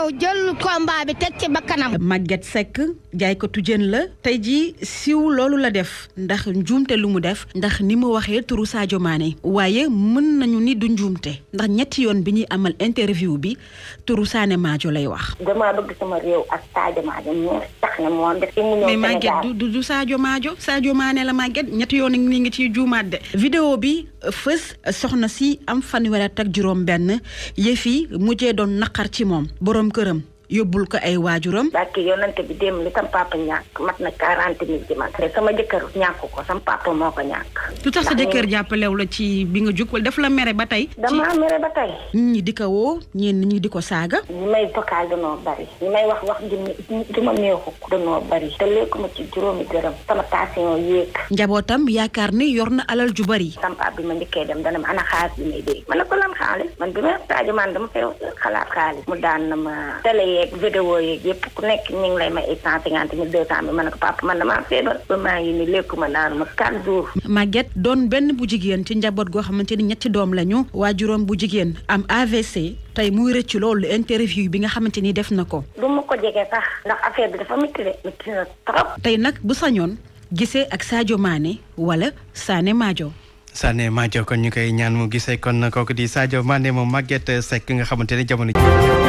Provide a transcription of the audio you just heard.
ñëw jël combat bi teg ci bakkanam. Maguette Seck jaaykatu jën la tey jii siiw loolu la def ndax njuumte lu mu def ndax ni mu waxee turu saajo Mané waaye mën nañu ni du njuumte ndax ñetti yoon bi ñuy amal interview bi turu Sané Madio lay wax. damaa bëgg sama réew ak la Maguette ñetti yoon ni ngi ci juumaat de. vidéo bi fës soxna si am fanweer ak juróom-benn yëf mujjee doon naqar ci moom borom. këram yóbbul ko ay waajuram. parce que yonante bi démb li tam papa ñàkk mat na quarante mille di man. te ñàkk ko sama papa moo ko ñàkk. lu tax sa jëkkër jàppalew la ci bi nga jóg wala daf la mere ba tey. damaa mere ba tey. ñi di ko woo ñenn ñi di ko saaga. ñi may vocal danoo bari. ñi may wax wax du ma neexu danoo bari. te lekkuma ci juróomi gërëm. sama tension yéeg. njabootam yaakaar ni yor na alal ju bari. sama papa bi ma njëkkee dem dana ma ana xaalis bi may dee. ma ne ko xaalis man bi ma taajumaan dama fay xalaat xaalis. mu daan na ma télé yeeg vidéo yeeg yëpp ku nekk ñu lay may eight cent cinquante mille deux cent mille ma ne ko papa man damaa feebar ba lekkuma naanuma quatre jours Maguette doon benn bu jigéen ci njaboot goo xamante ni ñetti doom lañu waa juróom bu jigéen am AVC tey muy rëcc loolu interview bi nga xamante ni def na ko du ko jege sax ndax affaire bi dafa métti de métti na trop tey nag bu sañoon gisee ak Sadio Mané wala Sané Madio Sané Madio kon ñu koy ñaan mu gisee kon kooku di saajo Mané moom Maguette Seck nga xamante ne jamono